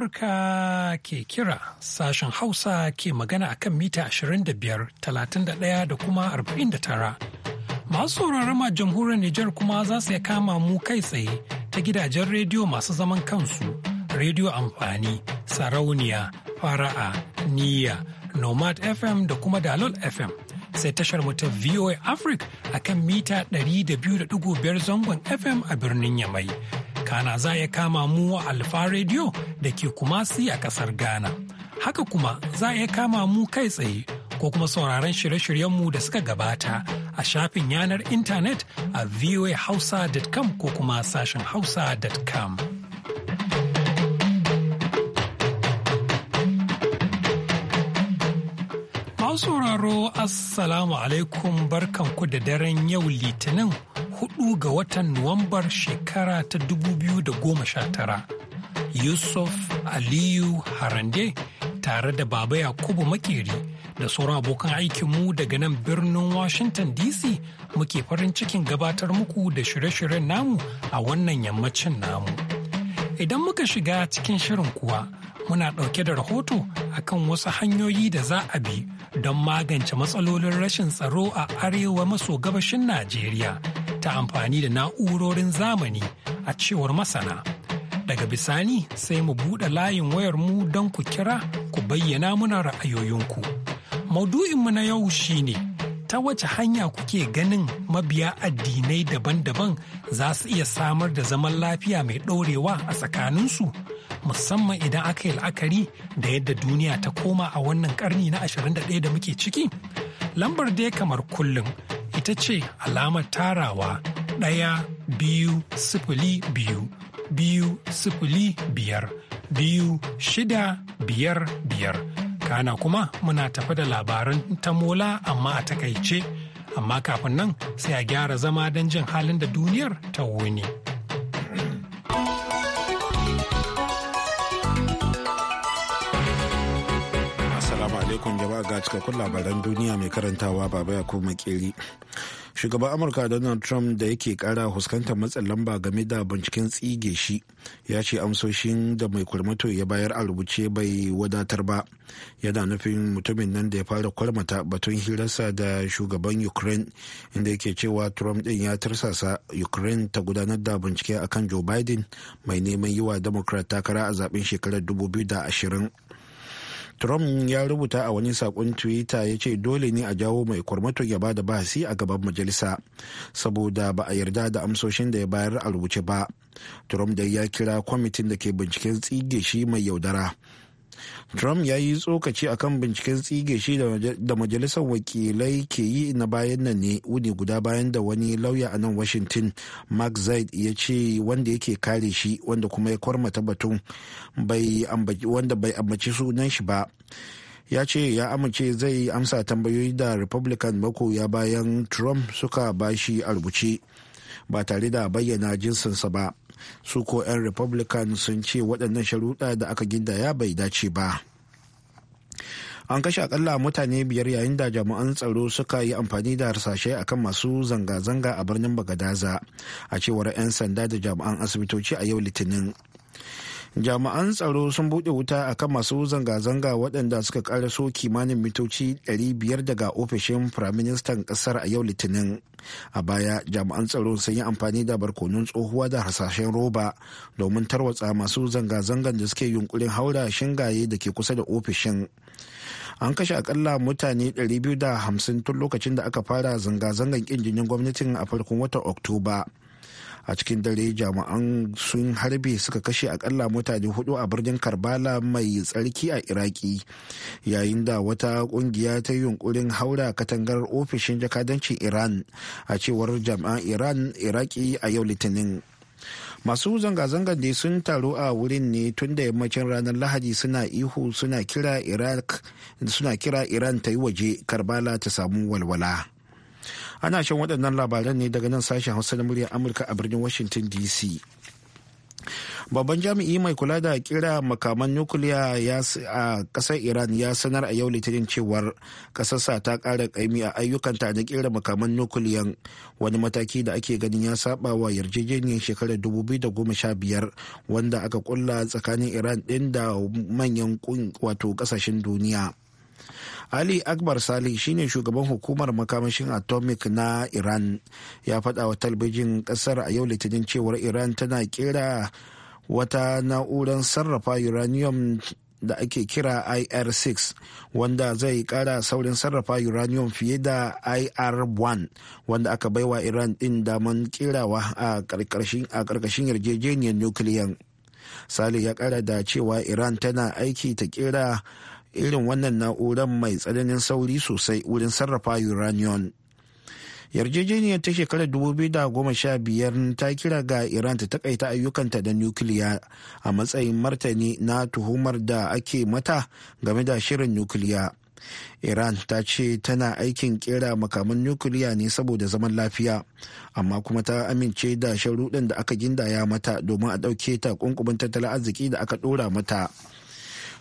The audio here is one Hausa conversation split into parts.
Amurka ke kira sashen Hausa ke magana a kan mita 25, 31 da kuma 49. Masu sauraron jamhuriyar Nijar kuma za su kama mu kai tsaye ta gidajen rediyo masu zaman kansu, rediyo amfani, sarauniya, fara'a, niyya, nomad FM da kuma dalol FM. sai tashar mu ta VOA Africa a kan mita 200.5 zangon FM a birnin Yamai. Kana za ya kama mu a Alfa Radio da ke Kumasi a ƙasar Ghana. Haka kuma za ya kama mu kai tsaye ko kuma sauraron shirye-shiryenmu da suka gabata a shafin yanar intanet a voahausa.com ko kuma sashen hausa.com. sauraro assalamu alaikum barkanku da daren yau litinin 4 ga watan Nuwambar shekara ta 2019, Yusuf Aliyu Harande tare da Baba Yakubu Makeri da sauran abokan aikinmu daga nan birnin Washington DC muke farin cikin gabatar muku da shirye-shiryen namu a wannan yammacin namu. Idan muka shiga cikin shirin kuwa muna ɗauke da rahoto akan wasu hanyoyi da za a bi don magance matsalolin rashin tsaro a arewa maso gabashin Najeriya ta amfani da na'urorin zamani a cewar masana. Daga bisani sai mu buɗe layin wayar mu don ku kira ku bayyana muna ra'ayoyinku. Maudu'inmu na yau shi ne ta wace hanya kuke ganin mabiya addinai daban-daban za su iya samar da zaman lafiya mai ɗorewa a tsakaninsu musamman idan aka yi la'akari da yadda duniya ta koma a wannan ƙarni na 21 da muke ciki? Lambar dai kamar kullum ita ce alamar tarawa ɗaya biyu sifili biyu biyu sifili biyar biyu shida biyar biyar kana kuma muna tafi da labaran Mola amma a takaice amma kafin nan sai a gyara zama don jin halin da duniyar ta wuni. alaikum jama'a ga cikakkun labaran duniya mai karantawa baba ya kuma makeri shugaban amurka donald trump da yake kara huskantar matsin lamba game da binciken tsige shi ya ce amsoshin da mai kurmato ya bayar a rubuce bai wadatar ba yana nufin mutumin nan da ya fara kwarmata batun hirarsa da shugaban ukraine inda yake cewa trump din ya tarsasa ukraine ta gudanar da bincike akan joe biden mai neman yi wa democrat takara a zaben shekarar 2020 trump ya rubuta a wani sakon twitter ya ce dole ne a jawo mai kwarmato ya bada bahasi a gaban majalisa saboda ba a yarda da amsoshin da ya bayar a rubuce ba trump dai ya kira kwamitin da ke binciken tsige shi mai yaudara trump ya yi tsokaci akan binciken tsige shi da majalisar wakilai ke yi na bayan nan ne wuni guda bayan da wani lauya a nan washington mark zaid ya ce wanda yake kare shi wanda kuma ya kwarmata batun wanda bai ambaci sunan shi ba ya ce ya amince zai amsa tambayoyi da republican makoya bayan trump suka bashi a rubuce ba tare da bayyana jinsinsa ba su ko 'yan republican sun ce waɗannan sharuɗa da aka gindaya bai dace ba an kashe akalla mutane biyar yayin da jami'an tsaro suka yi amfani da harsashe akan masu zanga-zanga a birnin bagadaza a cewar 'yan sanda da jami'an asibitoci a yau litinin jami'an tsaro sun buɗe wuta a kan masu zanga-zanga waɗanda suka ƙara so kimanin mitoci 500 daga ofishin firaministan ƙasar a yau litinin a baya jami'an tsaro sun yi amfani da barkonun tsohuwa da hasashen roba domin tarwatsa masu zanga-zangan da suke yunkurin haura shingaye da ke kusa da ofishin an kashe akalla mutane 250 tun lokacin da aka fara zanga-zangan ƙinjinin gwamnatin a farkon watan oktoba a cikin dare jami'an sun harbe suka kashe akalla mutane hudu a birnin karbala mai tsarki a iraki yayin da wata kungiya ta yunkurin haura katangar ofishin jakadancin iran a cewar jami'an iran iraki a yau litinin masu zanga-zangar da sun taru a wurin ne tun da yammacin ranar lahadi suna ihu suna kira iran ta yi waje karbala ta samu walwala ana shan waɗannan labaran ne daga nan sashen hausa na muryar amurka a birnin washington dc babban jami'i mai kula da kira makaman nukuliya a kasar iran ya sanar a yau litinin cewar kasarsa ta kara kaimi a ayyukanta na kira makaman nukuliyan wani mataki da ake ganin ya saba wa yarjejeniyar shekarar 2015 wanda aka kulla tsakanin iran ɗin da manyan wato ƙasashen duniya ali akbar salih shine shugaban hukumar makamashin atomic na iran ya faɗawa wa talbijin ƙasar a yau litinin cewar iran tana kera wata na'urar sarrafa uranium da ake kira ir-6 wanda zai kara saurin sarrafa uranium fiye da ir-1 wanda aka baiwa iran din daman kerawa a karkashin yarjejeniyar nukiliyan sale ya kara da cewa iran tana aiki ta kera irin wannan na'urar mai tsananin sauri sosai wurin sarrafa uranium yarjejeniyar ta shekarar 2015 ta kira ga iran ta takaita ayyukanta da nukiliya a matsayin martani na tuhumar da ake mata game da shirin nukiliya iran ta ce tana aikin kera makaman nukiliya ne saboda zaman lafiya amma kuma ta amince da sharuɗin da aka gindaya mata domin a ɗauke ta kunkumin tattalin arziki da aka ɗora mata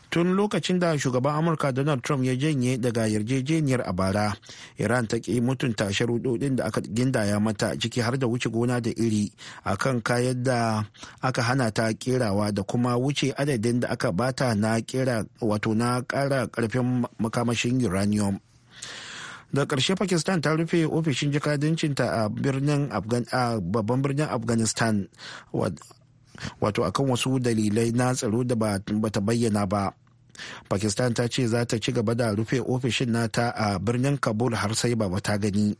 tun lokacin da shugaban amurka donald trump ya janye daga yarjejeniyar a bara iran ta ki mutunta sharuɗoɗin da aka gindaya mata ciki har da wuce gona da iri akan kayan da aka hana ta kerawa da kuma wuce adadin da aka bata na kera wato na ƙara karfin makamashin uranium da ƙarshe pakistan ta rufe ofishin jakadancinta a babban birnin afghanistan wato akan wasu dalilai na tsaro da ba ta bayyana ba pakistan ta ce za ta ci gaba da rufe ofishin nata a birnin kabul har sai ba ta gani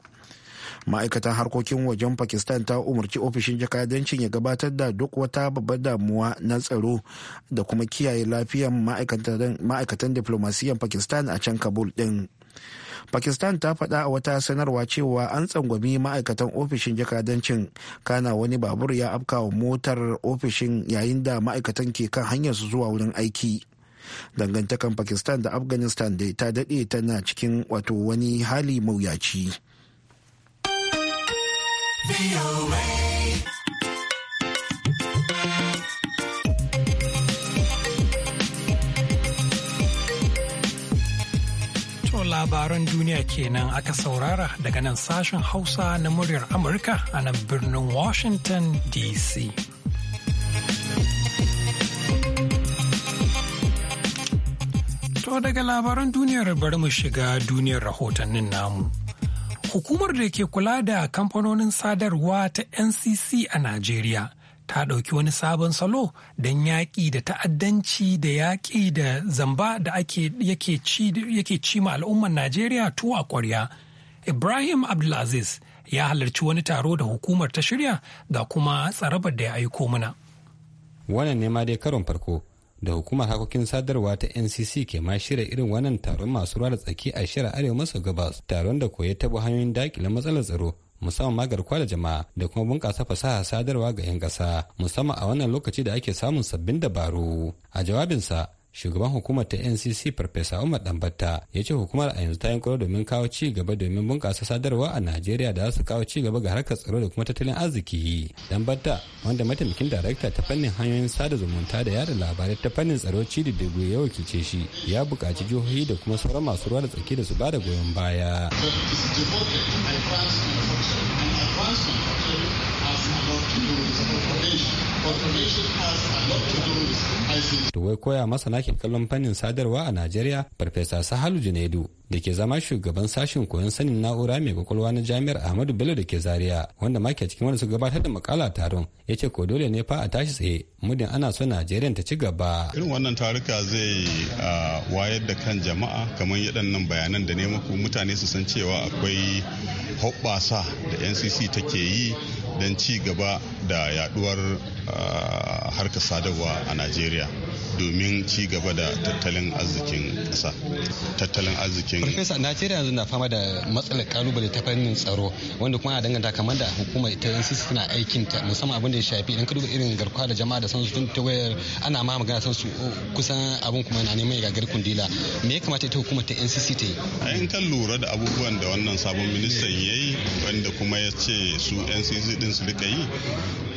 ma'aikatan harkokin wajen pakistan ta umarci ofishin jakadancin ya gabatar da duk wata babbar damuwa na tsaro da kuma kiyaye lafiyan ma'aikatan diplomasiyan pakistan a can kabul din pakistan ta faɗa a wata sanarwa cewa an tsangwami ma'aikatan ofishin jakadancin kana wani babur ya afka wa motar ofishin yayin da ma'aikatan ke kan hanyar su zuwa wurin aiki dangantakan pakistan da afghanistan da ta daɗe tana cikin wato wani hali mawuyaci. Labaran duniya kenan aka saurara daga nan sashen Hausa na muryar Amurka a nan birnin Washington DC. To daga labaran duniyar bari mu shiga duniyar rahotannin namu. Hukumar da ke kula da kamfanonin sadarwa ta NCC a Najeriya ta ɗauki wani sabon salo don yaƙi da ta'addanci da yaƙi da zamba da yake ci ma al'ummar Najeriya tuwa ƙwarya. Ibrahim Abdulaziz ya halarci wani taro da hukumar ta shirya ga kuma tsarabar da ya aiko mana. Wannan ne ma dai karon farko da hukumar hakokin sadarwa ta ncc ke ma shirya irin wannan taron masu ruwa da tsaki a shirin arewa maso gabas taron da ta tabo hanyoyin dakile matsalar tsaro musamman ma garkuwa da jama'a da kuma bunƙasa fasaha sadarwa ga 'yan ƙasa musamman a wannan lokaci da ake samun sabbin dabaru a jawabinsa shugaban hukumar ta ncc farfesa umar dambatta ya ce hukumar a yanzu ta yankuro domin kawo ci gaba domin bunƙasa sadarwa a najeriya da za su kawo ci gaba ga harkar tsaro da kuma tattalin arziki dambatta wanda mataimakin darakta ta fannin hanyoyin sada zumunta da yada labarai ta fannin tsaro cidi da ya wakilce shi ya buƙaci jihohi da kuma sauran masu ruwa da tsaki da su ba da goyon baya. To wai koya masana ke kallon fannin sadarwa a Najeriya Farfesa Sahalu Junaidu da ke zama shugaban sashen koyon sanin na'ura mai kwakwalwa na jami'ar ahmadu bello da ke zaria wanda ma ke cikin wanda suka gabatar da makala taron ya ce ko dole ne fa a tashi tsaye muddin ana so najeriya ta ci gaba irin wannan taruka zai ah, wayar da kan jama'a kamar nan bayanan da ne muku mutane su san cewa akwai hoɓɓasa da ncc take yi don ci gaba da yaduwar ah, harkar sadarwa a najeriya domin ci gaba da tattalin arzikin ƙasa tattalin arzikin Profesa Najeriya yanzu na fama da matsalar kalubale ta fannin tsaro wanda kuma ana danganta kamar da hukumar ta NCC tana aikin ta musamman abin da ya shafi idan ka duba irin garkuwa da jama'a da san su ta wayar ana ma magana san su kusan abin kuma na neman ga gagari kundila me ya kamata ita hukumar ta NCC ta yi in kan lura da abubuwan da wannan sabon ministan yayi wanda kuma ya ce su NCC din su rika yi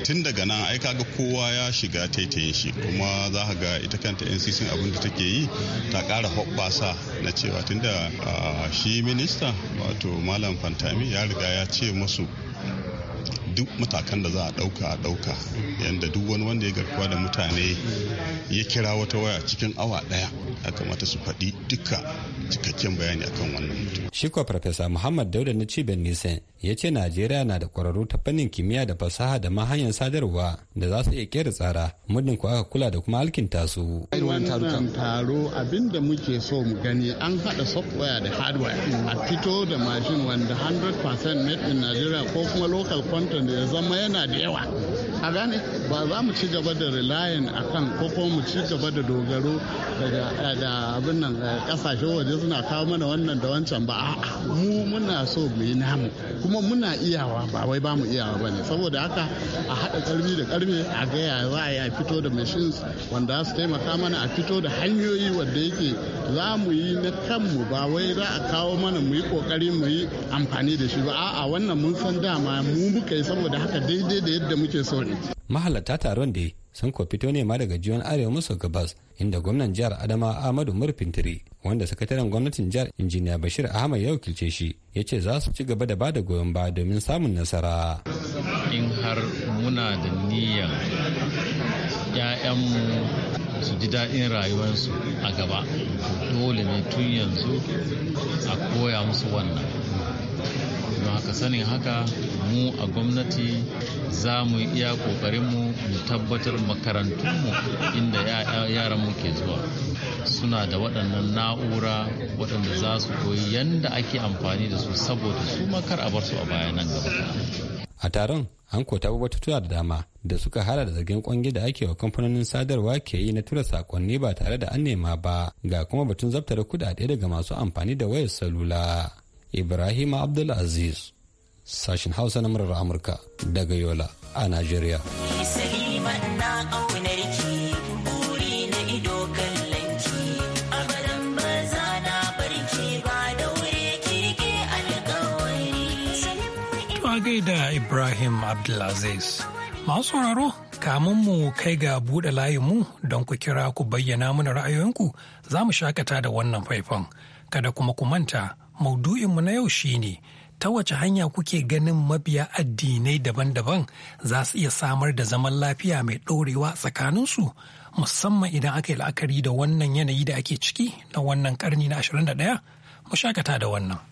tun daga nan ai kaga kowa ya shiga taitayin shi kuma za ga ita kanta ncc abin da take yi ta kara hoɓɓasa na cewa tun da Ah, shi minista wato malam fantami ya riga ya ce masu. duk matakan da za a ɗauka a dauka yadda duk wani wanda ya garkuwa da mutane ya kira wata waya cikin awa ɗaya ya kamata su faɗi duka cikakken bayani akan wannan mutum. shi kuwa farfesa muhammad dauda na cibiyar nisan ya ce najeriya na da kwararru ta fannin kimiyya da fasaha da ma hanyar sadarwa da za su iya kera tsara muddin ko aka kula da kuma alkin tasu. wannan taro abin muke so mu gani an haɗa software da hardware a fito da mashin wanda 100% made in nigeria ko kuma local content waɗanda zama yana da yawa a gane ba za mu ci gaba da relying akan ko ko mu ci gaba da dogaro da abin nan kasashe eh, waje suna kawo mana wannan da wancan ba a'a mu muna so mu yi namu kuma muna iyawa ba wai ba mu iyawa bane saboda haka a haɗa karmi da karmi a ga ya za a yi fito da machines wanda su taimaka mana a fito da hanyoyi wanda yake za mu yi na kanmu ba wai za a kawo mana mu yi kokari mu yi amfani da shi ba a'a wannan mun san dama mu muka yi saboda haka daidai da yadda muke so ne mahalarta taron da sun ko fito ne ma daga jiyon arewa maso gabas inda gwamnan jihar adama ahmadu murfintiri wanda sakataren gwamnatin jihar injiniya bashir ahmad ya wakilce shi ya ce za su ci gaba da bada goyon ba domin samun nasara in har muna da niyyar 'ya'yanmu su ji daɗin rayuwarsu a gaba dole ne tun yanzu a koya musu wannan don haka sanin haka mu a gwamnati za mu iya kokarin mu mu tabbatar makarantunmu inda yaran mu ke zuwa suna da waɗannan na'ura waɗanda za su koyi yadda ake amfani da su saboda su makar a bar su a baya nan gaba a taron an kota batutuwa da dama da suka hada da zargin kwange da ake wa kamfanonin sadarwa ke yi na tura sakonni ba tare da an nema ba ga kuma batun zabtare kudade daga masu amfani da wayar salula Ibrahim Abdulaziz sashen Hausa na murar Amurka daga Yola a Najeriya. gaida Ibrahim Abdulaziz. Masu sauraro, kamun mu kai ga buɗe layinmu don ku kira ku bayyana mana ra'ayoyinku za mu shakata da wannan faifan. Kada kuma ku manta maudu'inmu na yau shine ta wace hanya kuke ganin mabiya addinai daban-daban za su iya samar da zaman lafiya mai ɗorewa tsakaninsu musamman idan aka yi la'akari da wannan yanayi da ake ciki na wannan karni na 21 mu shakata da wannan.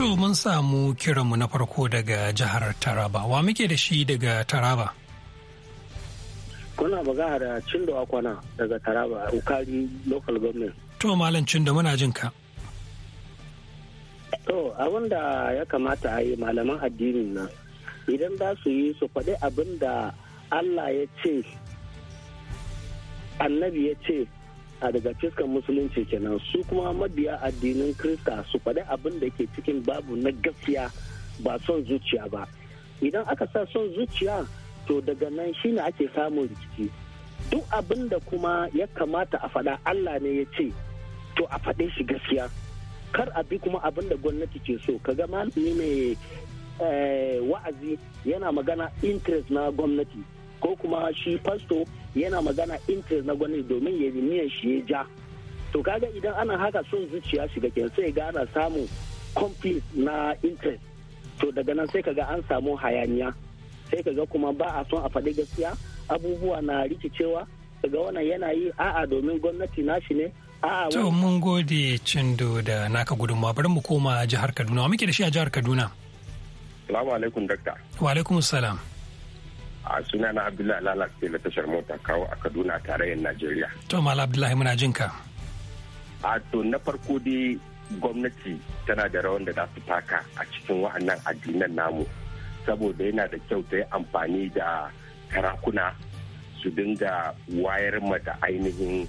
To mun samu kiranmu na farko daga jihar Taraba. Wa muke da shi daga Taraba? Kuna magana da Cindo kwana daga Taraba, Ukari Local Government. To Malam da muna jinka. To abin da ya kamata a yi malaman addinin nan idan za su yi su faɗi abin da Allah ya ce, annabi ya ce, a daga fiskan musulunci kenan su kuma mabiya addinin krista su faɗi abin da ke cikin babu na gaskiya ba son zuciya ba idan aka sa son zuciya to daga nan shi shine ake samun rikici duk abin da kuma ya kamata a faɗa allah ne ya ce to a faɗe shi gaskiya kar a bi kuma abin da gwamnati ke so ka kaga malami mai eh, wa'azi yana magana interest na gwamnati ko kuma shi fasto yana magana interest na gwani domin ya yi miyan shi ya ja to kaga idan ana haka son zuciya shiga ke sai ga ana samun conflict na interest to daga nan sai kaga an samu hayaniya sai kaga kuma ba a son a faɗi gaskiya abubuwa na rikicewa kaga wannan yana yi a'a domin gwamnati nashi ne to mun gode cindo da naka gudunmawa bari mu koma jihar Kaduna wa muke da shi a jihar Kaduna Salamu alaikum dakta Wa alaikum salam a suna na abdullahi lalace na tashar mota kawo a kaduna tarayyar najeriya to mal abdullahi muna jin ka a to na farko dai gwamnati tana da rawan da za su taka a cikin wa'annan addinan namu saboda yana da kyau ta yi amfani da karakuna su dinga wayar mata ainihin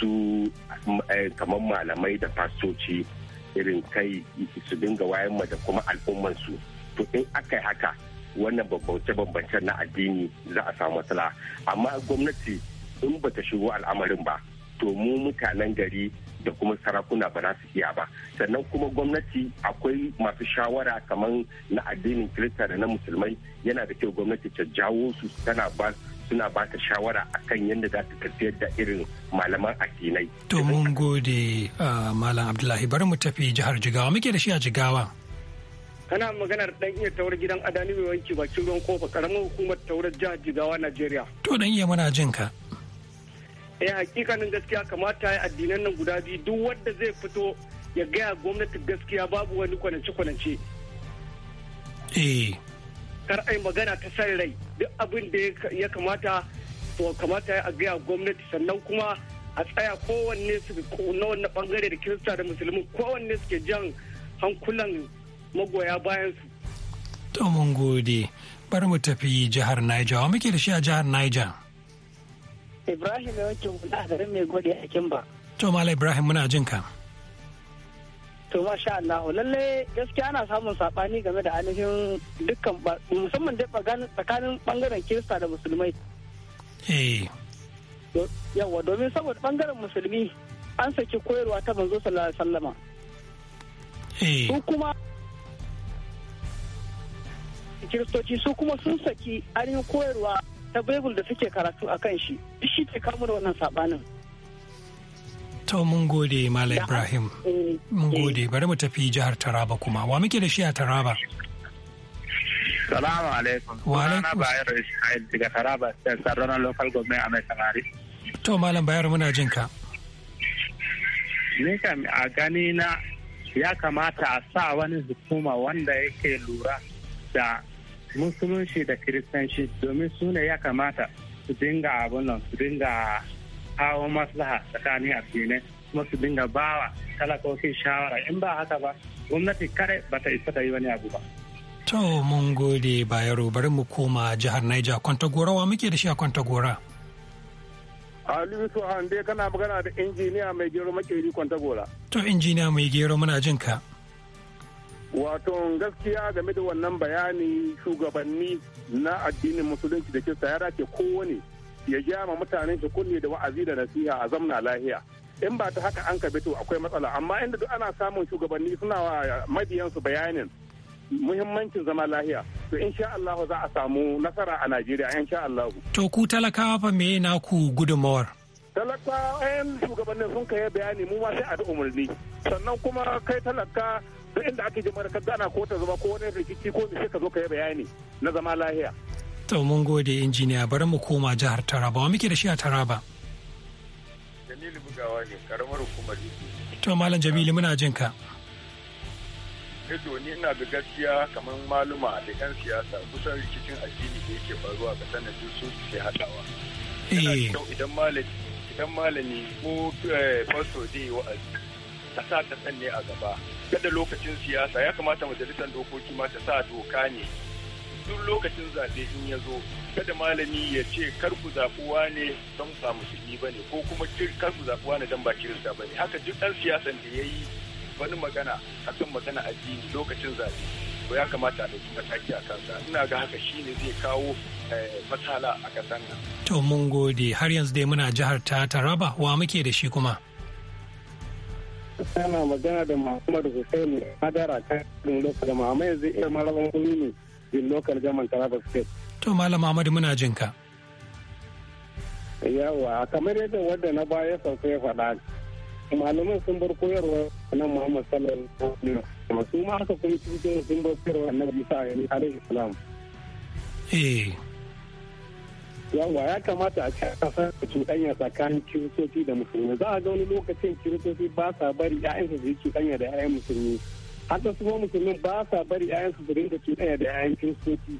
su eh, kamar malamai da fasoci, irin kai su dinga wayar da kuma al'ummansu to in aka yi haka wannan bambance-bambancen na addini za a samu matsala amma gwamnati in ba ta shigo al'amarin ba to mu mutanen gari da kuma sarakuna ba za su iya ba sannan kuma gwamnati akwai masu shawara kamar na addinin kirista da na musulmai yana da kyau gwamnati ta jawo su tana ba suna ba ta shawara akan yadda za ta tafiyar da irin malaman addinai. To mun gode ah, Malam Abdullahi bari mu tafi jihar Jigawa muke da shi a Jigawa. kana maganar dan iya taurar gidan adani mai wanki bakin ruwan kofa karamin hukumar taurar jihar jigawa najeriya to dan iya muna jin ka eh hakikanin gaskiya kamata ya addinan nan guda biyu duk wanda zai fito ya gaya gwamnati gaskiya babu wani kwanance kwanance eh kar ai magana ta san rai duk abin da ya kamata to kamata ya gaya gwamnati sannan kuma a tsaya kowanne su na wannan bangare da kirista da musulmi kowanne suke jan hankulan magoya bayan su. To mun gode. Bari mu tafi jihar Niger. Wa muke da shi a jihar Niger? Ibrahim ya wanke guda da garin mai gode a ba. To Malam Ibrahim muna jin ka. To masha Allah lalle gaskiya ana samun saɓani game da ainihin dukkan musamman dai tsakanin bangaren Kirista da Musulmai. Eh. Yawwa domin saboda bangaren Musulmi an saki koyarwa ta manzo sallallahu alaihi wasallama. Eh. Su kuma kiristoci su kuma sun saki ainihin koyarwa ta bible da suke karatu a kan shi shi ke kamo da wannan sabanin to mun gode mala ibrahim eh, mun eh. gode bari mu tafi jihar taraba kuma wa muke da shi a taraba salamu alaikum wa alaikum bayar Isma'il daga taraba sarrana local government a mai samari to malam bayar muna jin ka ni kam a gani na ya kamata a sa wani hukuma wanda yake lura da musulunci da kiristanci domin su ne ya kamata su dinga abin nan su dinga kawo maslaha tsakanin addinai kuma su dinga bawa talakokin shawara in ba haka ba gwamnati kare ba ta isa ta yi wani abu ba. To mun gode Bayero bari mu koma jihar Niger gora, wa muke da shi a gora. Aliyu Suhan dai kana magana da injiniya mai gero makeri gora. To injiniya mai gero muna jin ka. wato gaskiya game da wannan bayani shugabanni na addinin musulunci da kista ya dace kowane ya ja ma mutanen shi kunne da wa'azi da nasiha a zamna lahiya in ba ta haka an ka to akwai matsala amma inda duk ana samun shugabanni suna wa mabiyansu bayanin muhimmancin zama lahiya to insha Allah za a samu nasara a Najeriya insha Allah to ku talakawa fa me naku gudunmawar talakawa ayan eh, shugabannin sun kai bayani mu ma sai a da umarni sannan kuma kai talaka duk inda aka jama'ar ka gana ko ta zama ko wani rikici ko sai ka zo ka yi bayani na zama lahiya. To mun gode injiniya bari mu koma jihar Taraba wa muke da shi a Taraba. Jamilu bugawa ne karamar hukumar To Malam Jamilu muna jin ka. Edo ni ina da gaskiya kamar maluma da 'yan siyasa kusan rikicin addini da yake faruwa ga sanadin su ke haɗawa. Eh. Idan malami idan malami ko fasto eh, zai yi wa'azi ta sa ta sanne a gaba kada lokacin siyasa ya kamata majalisar dokoki ma ta sa doka ne duk lokacin zaɓe in ya zo kada malami ya ce kar ku zaɓuwa ne don ba musulmi ba ne ko kuma kar ku zaɓuwa ne don ba kirista ba ne haka duk ɗan siyasan da ya yi wani magana a kan magana a addini lokacin zaɓe ko ya kamata a ɗauki mataki a kansa ina ga haka shi ne zai kawo eh, matsala a ƙasar nan. to mun gode har yanzu dai muna jihar ta taraba wa muke da shi kuma. sana magana da Muhammad Hussein Madara ta irin lokal jama'a amma yanzu iya maraba gumi ne din lokacin jaman Taraba State. To Malam Muhammad muna jin ka. Yawa kamar yadda wadda na baya sauka ya faɗa malaman sun bar koyarwa na Muhammad sallallahu alaihi wasallam su ma haka kuma sun bar koyarwa na Isa alaihi salam. Eh. yawa ya kamata a kasar da cuɗanya tsakanin kiristoci da musulmi za a ga wani lokacin kiristoci ba sa bari ya'yan su yi cuɗanya da 'ya'yan musulmi har da kuma musulmin ba sa bari ya'yan su rinka cuɗanya da 'ya'yan kiristoci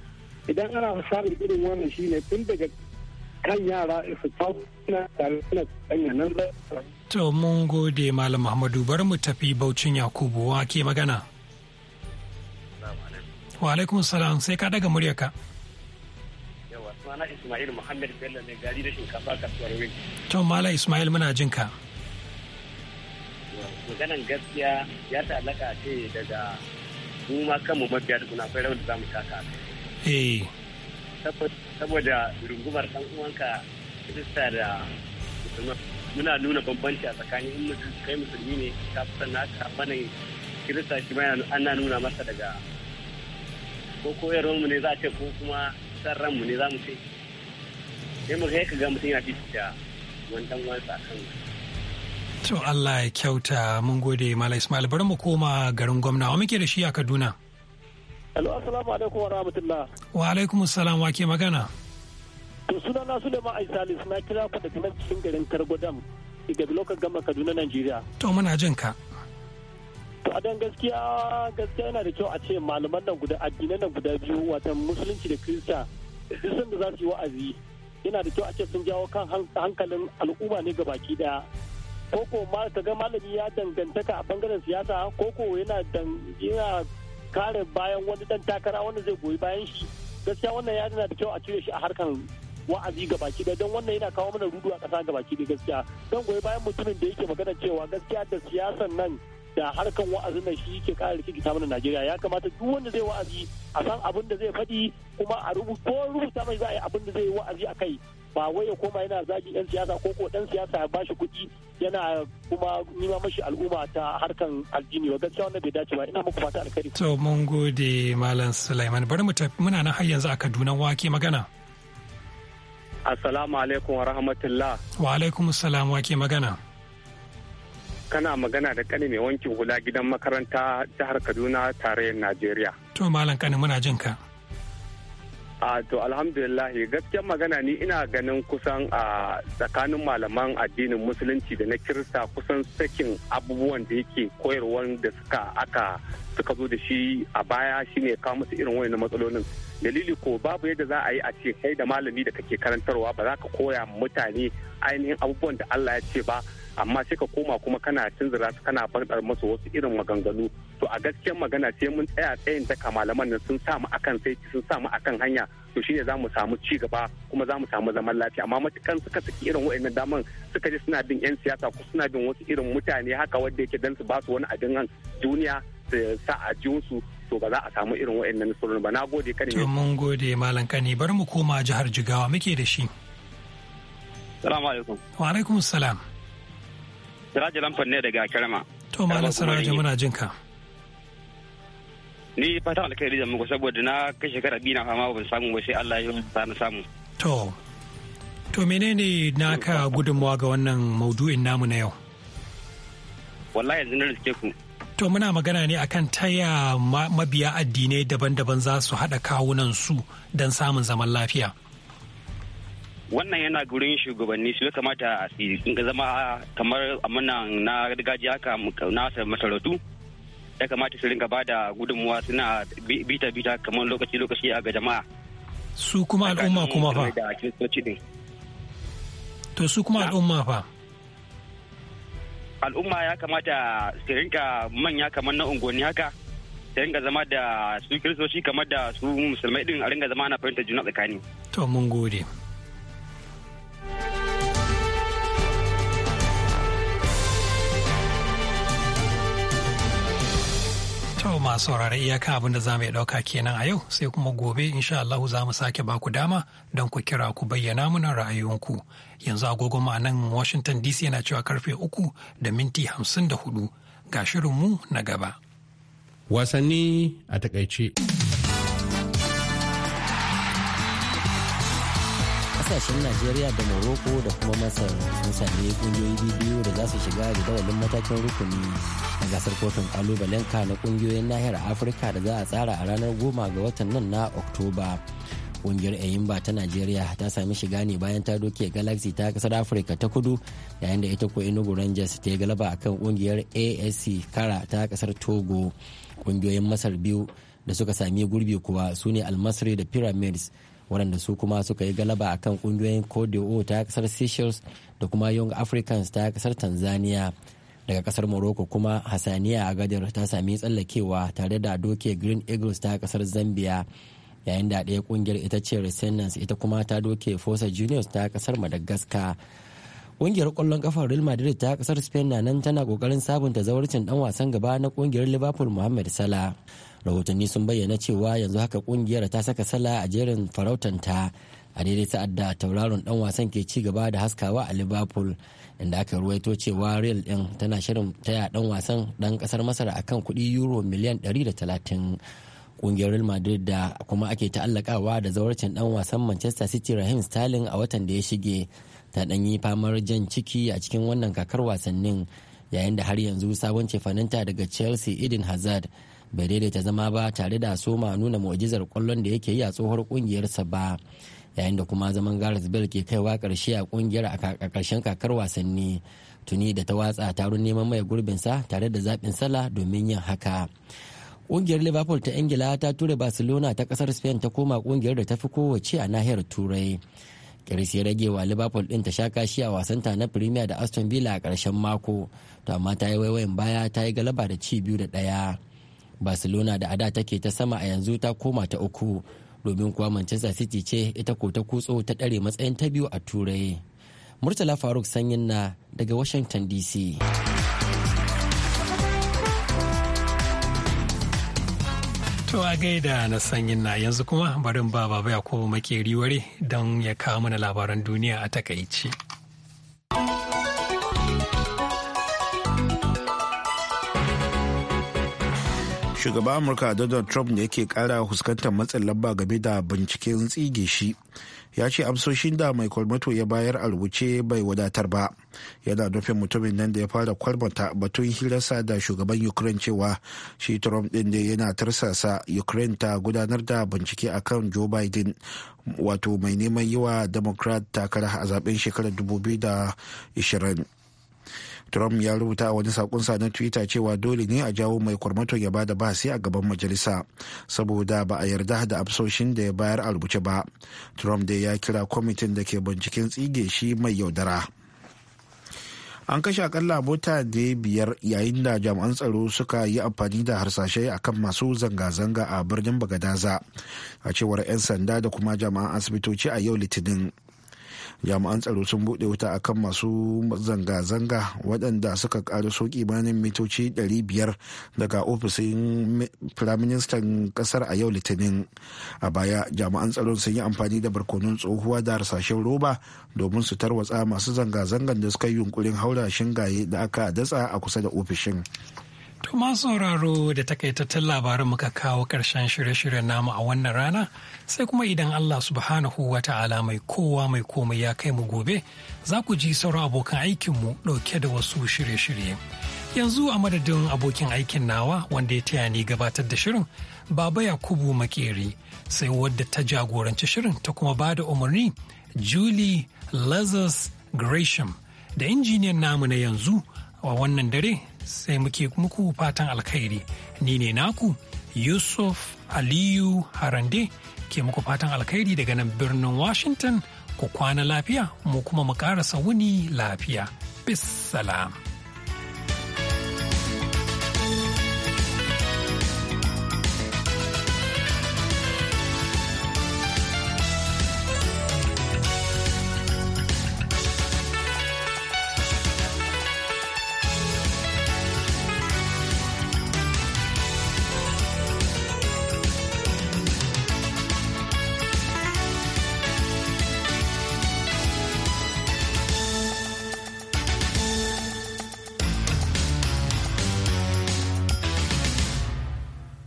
idan ana samun irin wannan shine tun daga kan yara su na tare suna cuɗanya nan da to mun gode malam muhammadu bari mu tafi baucin yakubu wa ke magana wa alaikum salam sai ka daga muryarka. ka Sunana Ismail Muhammad Bello mai gari da shinkafa kasuwar Wing. To Mala Ismail muna jin ka. Maganan gaskiya ya ta'allaka ce daga mu ma kanmu mafiya da kuna akwai rawar da za mu taka. Eh. Saboda rungumar dan uwanka sista da Musulman muna nuna bambanci a tsakanin in mutum kai musulmi ne ka fi sannan haka bane Kirista shi ma ana nuna masa daga ko koyarwar mu ne za a ce ko kuma san ranmu ne za mu ce sai mu ga ga mutum yana fifita wani to Allah ya kyauta mun gode Mala Ismail bari mu koma garin gwamna wa muke da shi a Kaduna Alo assalamu alaikum wa rahmatullah wa alaikum assalam wa ke magana to suna na Suleiman Aisali suna kira ku daga nan cikin garin Kargodam daga lokacin gama Kaduna Najeriya to muna jin ka to a dan gaskiya gaskiya yana da kyau a ce malaman nan guda addinan nan guda biyu wato musulunci da kirista duk da za su yi wa'azi yana da kyau a ce sun jawo kan hankalin al'umma ne baki daya ko ko ma ka ga malami ya dangantaka a bangaren siyasa ko ko yana yana kare bayan wani dan takara wanda zai goyi bayan shi gaskiya wannan ya yana da kyau a cire shi a harkan wa'azi ga baki don wannan yana kawo mana rudu a ƙasa ga baki da gaskiya don goyi bayan mutumin da yake magana cewa gaskiya da siyasan nan da harkan wa'azin nan shi ke kara ta mana Najeriya ya kamata duk wanda zai wa'azi a san abin da zai faɗi kuma a rubuta rubuta mai za a yi abin da zai wa'azi a kai ba wai ya koma yana zagi yan siyasa ko ko dan siyasa ya bashi kuɗi yana kuma nima mashi al'umma ta harkan aljini ba gaskiya wannan bai dace ba ina muku fata alkhairi to mun gode malam Sulaiman bari mu tafi muna nan har yanzu a Kaduna wake magana Assalamu alaikum wa rahmatullah. Wa alaikum assalam wa magana. kana magana da kani mai wankin hula gidan makaranta jihar kaduna tarayyar najeriya to malam kani muna jin ka a to alhamdulillah gaskiyar magana ni ina ganin kusan a tsakanin malaman addinin musulunci da na kirista kusan sakin abubuwan da yake koyarwan da suka aka suka zo da shi a baya shine kawo musu irin wani matsalolin dalili ko babu yadda za a yi a ce kai da malami da kake karantarwa ba za ka koya mutane ainihin abubuwan da Allah ya ce ba amma sai ka koma kuma kana tunzura su kana faɗar musu wasu irin maganganu to a gaskiyar magana sai mun tsaya tsayin ta malaman nan sun mu akan sai sun mu akan hanya to shine za mu samu ci gaba kuma za mu samu zaman lafiya amma matukan suka saki irin wa'annan daman suka ji suna bin yan siyasa ko suna bin wasu irin mutane haka wanda yake dan su ba su wani abin duniya su sa a jiwonsu to ba za a samu irin wa'annan surun ba na gode kane to mun gode malam kani bari mu koma jihar jigawa muke da shi salamu alaikum wa alaikum salam Siraji Lamfan ne daga Karama. To Malam Siraji muna jin ka. Ni fata alkhairi da muku saboda na kai shekara biyu na fama ban samu ba sai Allah ya sa na samu. To To menene naka gudunmawa ga wannan maudu'in namu na yau? Wallahi yanzu na riske ku. To muna magana ne akan taya mabiya addinai daban-daban za su haɗa kawunan su don samun zaman lafiya. wannan yana gurin shugabanni su ya kamata su zama kamar amina na gargajiya haka na masarautu ya kamata su ringa ba da gudunmuwa suna bita bita kamar lokaci lokaci a ga jama'a su kuma al'umma kuma fa to su kuma al'umma fa al'umma ya kamata su ringa manya kamar na unguwanni haka su ringa zama da su kiristoci kamar da su musulmai din a ringa zama na fahimtar juna tsakani to mun gode masu saurare iyakan abin da za mu ɗauka kenan a yau sai kuma gobe insha Allah za mu sake ba ku dama don ku kira ku bayyana muna ra'ayoyinku. Yanzu agogo ma nan Washington DC yana cewa karfe uku da minti hamsin da hudu ga shirinmu na gaba. Wasanni a takaice. kasashen najeriya da morocco da kuma masar sun sami kungiyoyi biyu da za su shiga jadawalin matakin rukuni a gasar kofin kalubalen ka na kungiyoyin nahiyar afirka da za a tsara a ranar goma ga watan nan na oktoba kungiyar Ayimba ta najeriya ta sami shiga ne bayan ta doke galaxy ta kasar afirka ta kudu yayin da ita ko enugu rangers ta yi galaba kan kungiyar asc kara ta kasar togo kungiyoyin masar biyu da suka sami gurbi kuwa su ne almasri da pyramids waɗanda su kuma suka yi galaba akan kungiyoyin kodeo ta kasar seychelles da kuma young africans ta kasar tanzania daga kasar morocco kuma hasaniya a gadar ta sami tsallakewa tare da doke green eagles ta kasar zambia yayin da ɗaya kungiyar ita ce resonance ita kuma ta doke fosa juniors ta kasar madagascar ƙungiyar ƙwallon ƙafar real madrid ta kasar spain na nan tana ƙoƙarin sabunta zawarcin dan wasan gaba na ƙungiyar liverpool mohamed salah rahotanni sun bayyana cewa yanzu haka kungiyar ta saka sala a jerin farautanta a daidai sa'ad da tauraron dan wasan ke ci gaba da haskawa a liverpool inda aka ruwaito cewa real din tana shirin taya dan wasan dan kasar masar akan kuɗi euro miliyan 130 kungiyar real madrid da kuma ake ta'allakawa da zawarcin dan wasan manchester city rahim sterling a watan da ya shige ta dan yi famar jan ciki a cikin wannan kakar wasannin yayin da har yanzu sabon cefananta daga chelsea eden hazard bai daidaita zama ba tare da soma nuna mu'jizar kwallon da yake yi a tsohuwar kungiyarsa ba yayin da kuma zaman gareth bale ke kaiwa karshe a kungiyar a karshen kakar wasanni tuni da ta watsa taron neman mai gurbinsa tare da zaɓin sala domin yin haka ƙungiyar liverpool ta ingila ta ture barcelona ta ƙasar spain ta koma ƙungiyar da ta fi kowace a nahiyar turai kiris ya rage wa liverpool din ta sha kashi a wasanta na premier da aston villa a karshen mako to amma ta yi waiwayin baya ta yi galaba da ci biyu da ɗaya barcelona da ada take ta sama a yanzu ta koma ta uku domin kuwa manchester city ce ita ko ta kutso ta ɗare matsayin ta biyu a turai murtala faruk sanyin na daga washington dc To a gaida na sanyin na yanzu kuma barin ba baba ya koma makeri ware don ya kawo mana labaran duniya a takaici. shugaban amurka donald trump da yake kara fuskantar matsin lamba game da binciken tsige shi ya ce amsoshin da mai kwalmato ya bayar a rubuce bai wadatar ba yana nufin mutumin nan da ya fara kwalmata batun hirarsa da shugaban ukraine cewa shi trump din ne yana tarsasa ukraine ta gudanar da bincike akan joe biden wato mai neman yi wa democrat takara a zaben shekarar 2020 trump ya rubuta a wani sakonsa na twitter cewa dole ne a jawo mai kwarmato ya bada bahasi a gaban majalisa saboda ba a yarda da absoshin da ya bayar a rubuce ba trump dai ya kira kwamitin da ke binciken tsige shi mai yaudara an kashe akalla mota da biyar yayin da jami'an tsaro suka yi amfani da harsashe kan masu zanga-zanga a birnin bagadaza a cewar 'yan sanda da kuma jami'an asibitoci a yau litinin jami'an tsaro sun buɗe wuta kan masu zanga-zanga waɗanda suka ƙara so kimanin mitoci 500 daga ofishin firaministan ƙasar a yau litinin a baya jami'an tsaro sun yi amfani da barkonun tsohuwa da harsashen roba domin su tarwatsa masu zanga-zangan da suka yi yunkurin haura shingaye da aka datsa a kusa da ofishin. To masu sauraro da takaitattun labarin muka kawo ƙarshen shirye-shiryen namu a wannan rana sai kuma idan Allah subhanahu wa ta'ala mai kowa mai komai ya kai mu gobe za ku ji sauran abokan aikinmu ɗauke da wasu shirye-shirye. Yanzu a madadin abokin aikin nawa wanda ya taya ni gabatar da shirin Baba Yakubu Makeri sai wadda ta jagoranci shirin ta kuma ba da umarni Julie Lazarus Gresham da injiniyan namu na yanzu a wannan dare sai muke muku fatan alkhairi ni ne naku yusuf aliyu harande ke muku fatan alkhairi daga nan birnin washington ku kwana lafiya mu kuma mu ƙara wuni lafiya bis salam